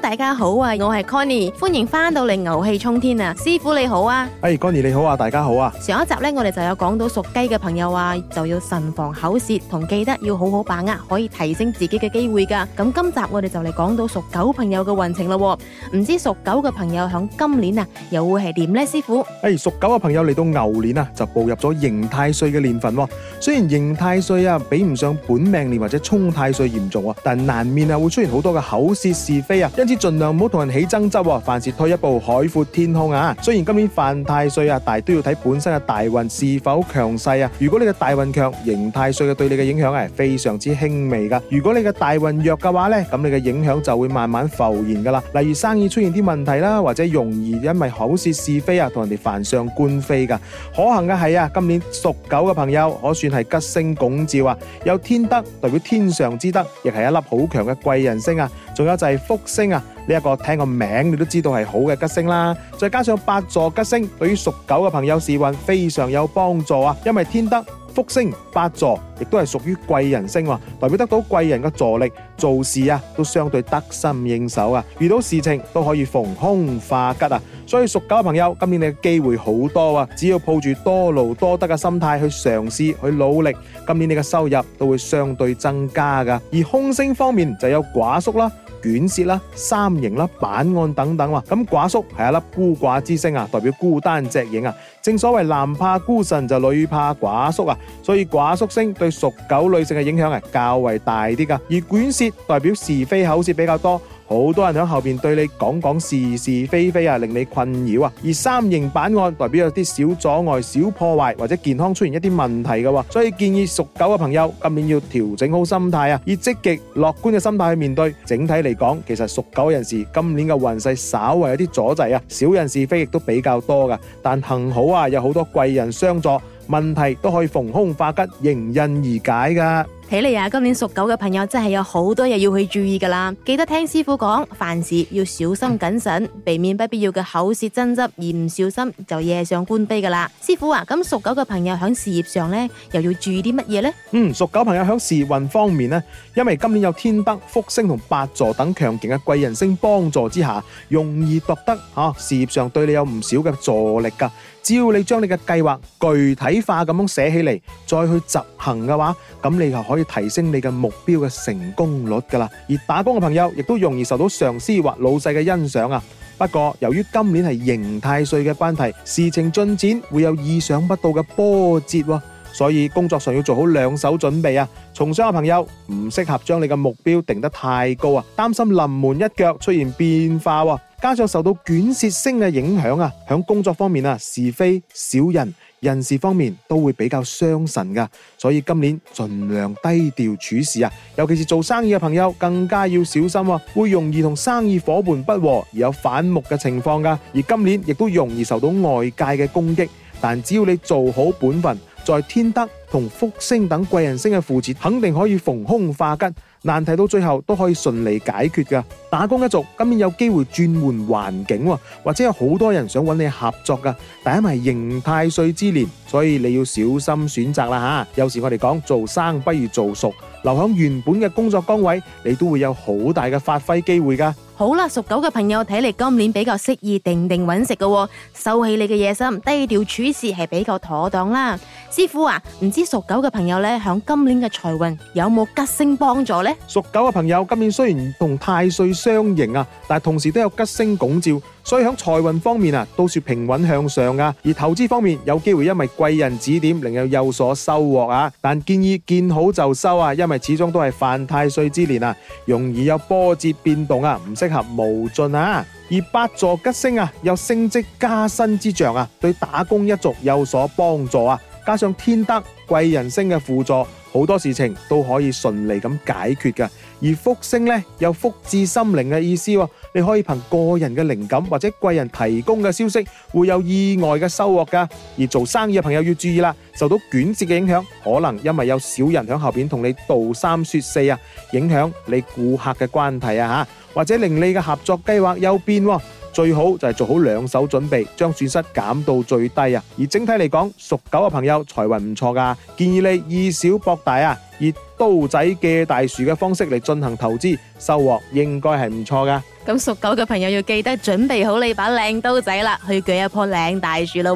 大家好啊，我係 Connie，歡迎翻到嚟牛氣沖天啊！師傅你好啊，哎 Connie 你好啊，大家好啊！上一集呢，我哋就有講到屬雞嘅朋友啊就要慎防口舌，同記得要好好把握，可以提升自己嘅機會噶。咁今集我哋就嚟講到屬狗朋友嘅運程咯。唔知屬狗嘅朋友響今年啊，又會係點呢？師傅，哎，屬狗嘅朋友嚟到牛年啊，就步入咗刑太歲嘅年份。雖然刑太歲啊，比唔上本命年或者沖太歲嚴重啊，但難免啊，會出現好多嘅口舌是非啊。只盡量唔好同人起爭執，凡事退一步海闊天空啊！雖然今年犯太歲啊，但係都要睇本身嘅大運是否強勢啊。如果你嘅大運強，刑太歲嘅對你嘅影響係非常之輕微噶。如果你嘅大運弱嘅話呢，咁你嘅影響就會慢慢浮現噶啦。例如生意出現啲問題啦，或者容易因為口舌是非啊，同人哋犯上官非噶。可行嘅係啊，今年屬狗嘅朋友可算係吉星拱照啊，有天德代表天上之德，亦係一粒好強嘅貴人星啊。仲有就係福星啊！呢、這、一個聽個名你都知道係好嘅吉星啦。再加上八座吉星，對於屬狗嘅朋友事運非常有幫助啊！因為天德、福星、八座，亦都係屬於貴人星，啊，代表得到貴人嘅助力，做事啊都相對得心應手啊！遇到事情都可以逢凶化吉啊！所以屬狗嘅朋友，今年你嘅機會好多啊！只要抱住多勞多得嘅心態去嘗試去努力，今年你嘅收入都會相對增加噶。而凶星方面就有寡宿啦。卷舌啦、三刑啦、板案等等，話咁，寡宿係一粒孤寡之星啊，代表孤單隻影啊。正所謂男怕孤神，就女怕寡宿啊，所以寡宿星對屬狗女性嘅影響係較為大啲噶。而卷舌代表是非口舌比較多。好多人喺後面對你講講是是非非啊，令你困擾啊。而三刑版案代表有啲小阻礙、小破壞或者健康出現一啲問題嘅喎，所以建議屬狗嘅朋友今年要調整好心態啊，以積極樂觀嘅心態去面對。整體嚟講，其實屬狗人士今年嘅運勢稍為有啲阻滯啊，小人是非亦都比較多噶。但幸好啊，有好多貴人相助，問題都可以逢凶化吉、迎刃而解噶。睇嚟啊，今年屬狗嘅朋友真係有好多嘢要去注意噶啦，記得聽師傅講，凡事要小心謹慎，避免不必要嘅口舌爭執，而唔小心就惹上官非噶啦。師傅話咁屬狗嘅朋友響事業上呢，又要注意啲乜嘢呢？嗯，屬狗朋友響事業運方面呢，因為今年有天德、福星同八座等強勁嘅貴人星幫助之下，容易獲得吓、啊、事業上對你有唔少嘅助力噶。只要你將你嘅計劃具體化咁樣寫起嚟，再去執行嘅話，咁你就可以提升你嘅目標嘅成功率㗎喇。而打工嘅朋友亦都容易受到上司或老細嘅欣賞啊。不過由於今年係刑太歲嘅關係，事情進展會有意想不到嘅波折喎，所以工作上要做好兩手準備啊。從商嘅朋友唔適合將你嘅目標定得太高啊，擔心臨門一腳出現變化喎。加上受到捲舌星嘅影響啊，響工作方面啊是非小人，人事方面都會比較傷神噶，所以今年盡量低調處事啊，尤其是做生意嘅朋友更加要小心，會容易同生意夥伴不和，而有反目嘅情況噶。而今年亦都容易受到外界嘅攻擊，但只要你做好本分，在天德同福星等貴人星嘅扶持，肯定可以逢凶化吉。難題到最後都可以順利解決噶。打工一族今年有機會轉換環境喎，或者有好多人想揾你合作噶。但因為係刑太歲之年，所以你要小心選擇啦吓。有時我哋講做生不如做熟。留喺原本嘅工作崗位，你都會有好大嘅發揮機會噶。好啦，屬狗嘅朋友，睇嚟今年比較適宜定定穩食噶，收起你嘅野心，低調處事係比較妥當啦。師傅啊，唔知屬狗嘅朋友咧，響今年嘅財運有冇吉星幫助咧？屬狗嘅朋友，今年雖然同太歲相刑啊，但係同時都有吉星拱照，所以響財運方面啊，都算平穩向上噶。而投資方面，有機會因為貴人指點，另有有所收穫啊。但建議見好就收啊，因為。始終都係犯太歲之年啊，容易有波折變動啊，唔適合無盡啊。而八座吉星啊，有升職加薪之象啊，對打工一族有所幫助啊。加上天德貴人星嘅輔助，好多事情都可以順利咁解決嘅。而福星咧，有福至心靈嘅意思。你可以憑個人嘅靈感或者貴人提供嘅消息，會有意外嘅收穫噶。而做生意嘅朋友要注意啦，受到卷折嘅影響，可能因為有小人響後面同你道三說四啊，影響你顧客嘅關係啊，吓或者令你嘅合作計劃有變。最好就係做好兩手準備，將損失減到最低啊。而整體嚟講，屬狗嘅朋友財運唔錯噶，建議你以小博大啊，以刀仔鋸大樹嘅方式嚟進行投資，收穫應該係唔錯噶。咁屬狗嘅朋友要記得準備好你把靚刀仔啦，去鋸一棵靚大樹啦。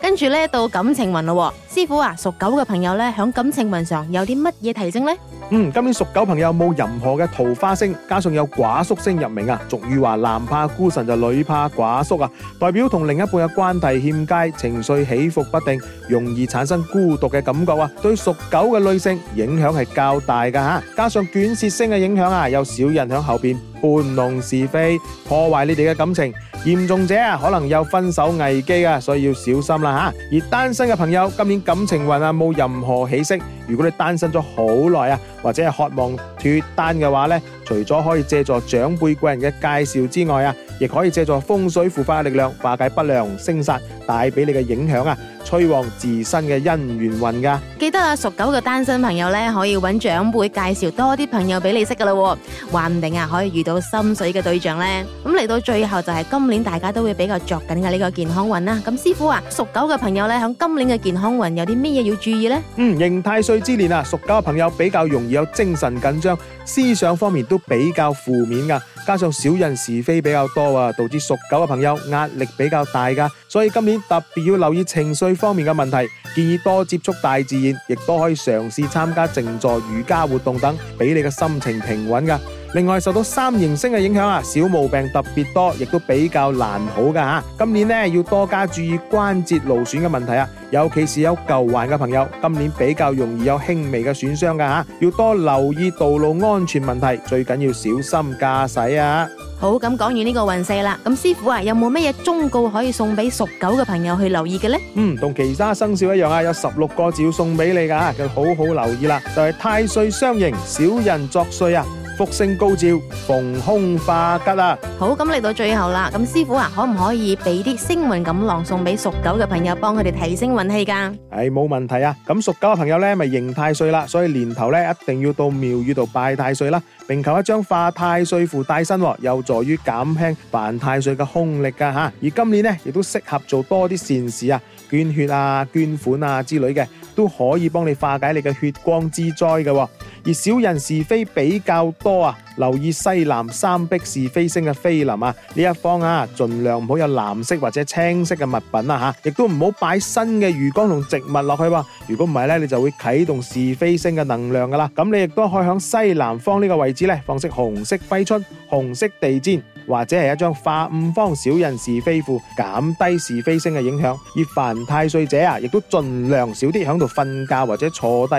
跟住咧到感情運咯，師傅啊，屬狗嘅朋友咧響感情運上有啲乜嘢提升咧？嗯，今年屬狗朋友冇任何嘅桃花星，加上有寡宿星入命啊。俗語話男怕孤神就女怕寡宿啊，代表同另一半嘅關係欠佳，情緒起伏不定，容易產生孤獨嘅感覺啊。對屬狗嘅女性影響係較大噶吓，加上卷舌星嘅影響啊，有小人響後面。搬弄是非，破壞你哋嘅感情，嚴重者啊，可能有分手危機啊，所以要小心啦吓。而單身嘅朋友，今年感情運啊，冇任何起色。如果你單身咗好耐啊，或者係渴望脱單嘅話呢，除咗可以借助長輩貴人嘅介紹之外啊，亦可以借助風水符化嘅力量，化解不良星煞帶俾你嘅影響啊。催旺自身嘅姻緣運噶記得啊，屬狗嘅單身朋友咧，可以揾長輩介紹多啲朋友俾你識噶啦、啊，話唔定啊，可以遇到心水嘅對象呢。咁，嗯、嚟到最後就係今年大家都會比較着緊嘅呢個健康運啦。咁師傅啊，屬狗嘅朋友咧，響今年嘅健康運有啲咩嘢要注意呢？嗯，刑太歲之年啊，屬狗嘅朋友比較容易有精神緊張，思想方面都比較負面噶，加上小人是非比較多啊，導致屬狗嘅朋友壓力比較大噶，所以今年特別要留意情緒。對方面嘅問題，建議多接觸大自然，亦都可以嘗試參加靜坐、瑜伽活動等，俾你嘅心情平穩噶。另外，受到三刑星嘅影響啊，小毛病特別多，亦都比較難好噶吓。今年呢，要多加注意關節勞損嘅問題啊，尤其是有舊患嘅朋友，今年比較容易有輕微嘅損傷噶吓，要多留意道路安全問題，最緊要小心駕駛啊。好，咁講完呢個運勢啦，咁師傅啊，有冇乜嘢忠告可以送俾屬狗嘅朋友去留意嘅呢？嗯，同其他生肖一樣啊，有十六個字要送俾你㗎，要好好留意啦，就係、是、太歲相刑，小人作祟啊！福星高照，逢凶化吉啊！好，咁嚟到最後啦，咁師傅啊，可唔可以俾啲星運錦囊送俾屬狗嘅朋友，幫佢哋提升運氣噶？誒、哎，冇問題啊！咁屬狗嘅朋友呢，咪、就是、迎太歲啦，所以年頭呢，一定要到廟宇度拜太歲啦，並求一張化太歲符帶身，有助於減輕犯太歲嘅凶力啊。而今年呢，亦都適合做多啲善事啊，捐血啊、捐款啊之類嘅，都可以幫你化解你嘅血光之災嘅、啊。而小人是非比較多啊，留意西南三碧是非星嘅飛臨啊，呢一方啊，盡量唔好有藍色或者青色嘅物品啊吓，亦都唔好擺新嘅魚缸同植物落去。如果唔係呢，你就會啟動是非星嘅能量噶啦。咁你亦都可以響西南方呢個位置呢，放置紅色揮春、紅色地氈。或者係一張化五方小人是非庫，減低是非星嘅影響。而犯太歲者啊，亦都盡量少啲響度瞓覺或者坐低，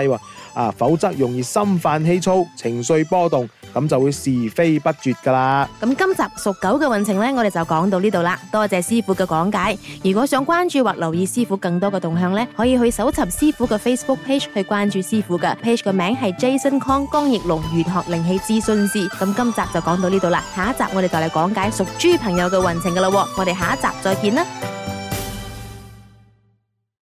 啊，否則容易心煩氣躁，情緒波動。咁就會是非不絕噶啦。咁今集屬狗嘅運程呢，我哋就講到呢度啦。多謝師傅嘅講解。如果想關注或留意師傅更多嘅動向呢，可以去搜尋師傅嘅 Facebook page 去關注師傅嘅 page 嘅名係 Jason Kong 江奕龍玄學靈氣諮詢師。咁今集就講到呢度啦。下一集我哋帶嚟講解屬豬朋友嘅運程嘅啦。我哋下一集再見啦。